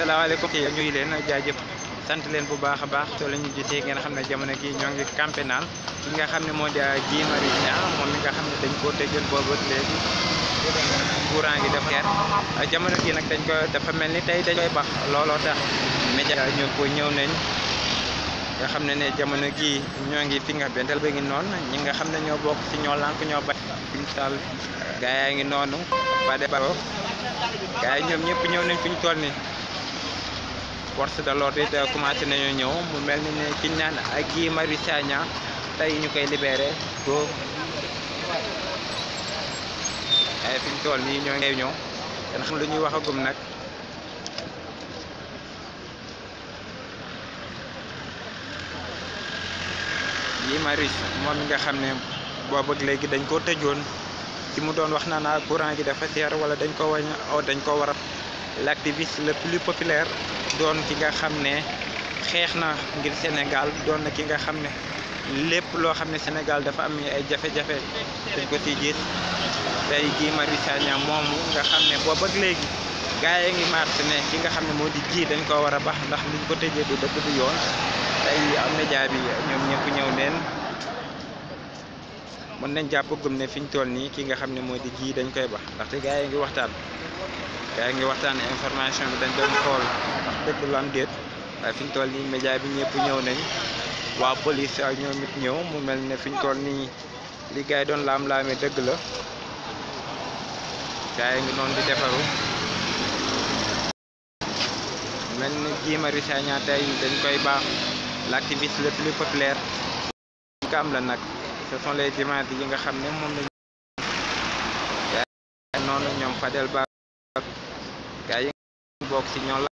salaamaaleykum yi ñuy leen jaajëf sant leen bu baax a baax soo la ñu jotee ngeen xam ne jamono gi ñoo ngi camp pénal ki nga xam ne moo di ah, Guy Marius Niang xam ne dañ koo tëjoon boobu léegi courant gi ah, nag dañ ko dafa mel ni tey dañ koy looloo tax ko ñëw nañ nga xam ne ne jamono gi ñoo ngi fi nga bentel ba ngi noonu ñi nga xam ne ñoo bokk ci ñoo lànk ñoo bañ fiñu gaa yaa ngi noonu ba de baro gaa yi ñoom ñëpp ñëw nañ fi ñu toll nii force de l'ordre it commencé nañoo ñëw mu mel ni ci ñaan ak Guy Marius Sagna ñu koy libéré bo ay fi tool nii ñoo ngay ñëw kenn xam lu wax agum nak Guy Marius moom nga xam ne ak léegi dañ ci mu doon wax courant gi dafa wala dañ ko wañ dañ ko war l'activiste le plus populaire doon ki nga xam ne xeex na ngir senegal doon na ki nga xam ne lépp loo xam ne senegal dafa am ay jafe-jafe dañ ko ci gis jii Mari Sagna moomu xam ne boobu léegi gars yi ngi marché ki nga xam ne moo di ji dañ koo war a baax ndax liñ ko tëjee du dëkk du yoon tey média bi ñoom ñëpp ñëw neen mën nañ jàpp gëm ne fi ñu toll nii ki nga xam ne moo di jii dañ koy bax ndaxte gars yi ngi waxtaan gars yi ngi waxtaan information bi dañ doon xool respecté lu am déet waaye fi toll nii média bi ñëpp ñëw nañ waa police ak ñoom ñëw mu mel ne fi ñu toll nii li gars doon laam-laame dëgg la gars ngi noonu di defaru mel ni Guy Marius Sagna dañ koy baax l'activiste le plus populaire ka am la nag ce sont les images yi nga xam ne moom lañ noonu ñoom Fadel Ba gaa yi bokk ci ñoom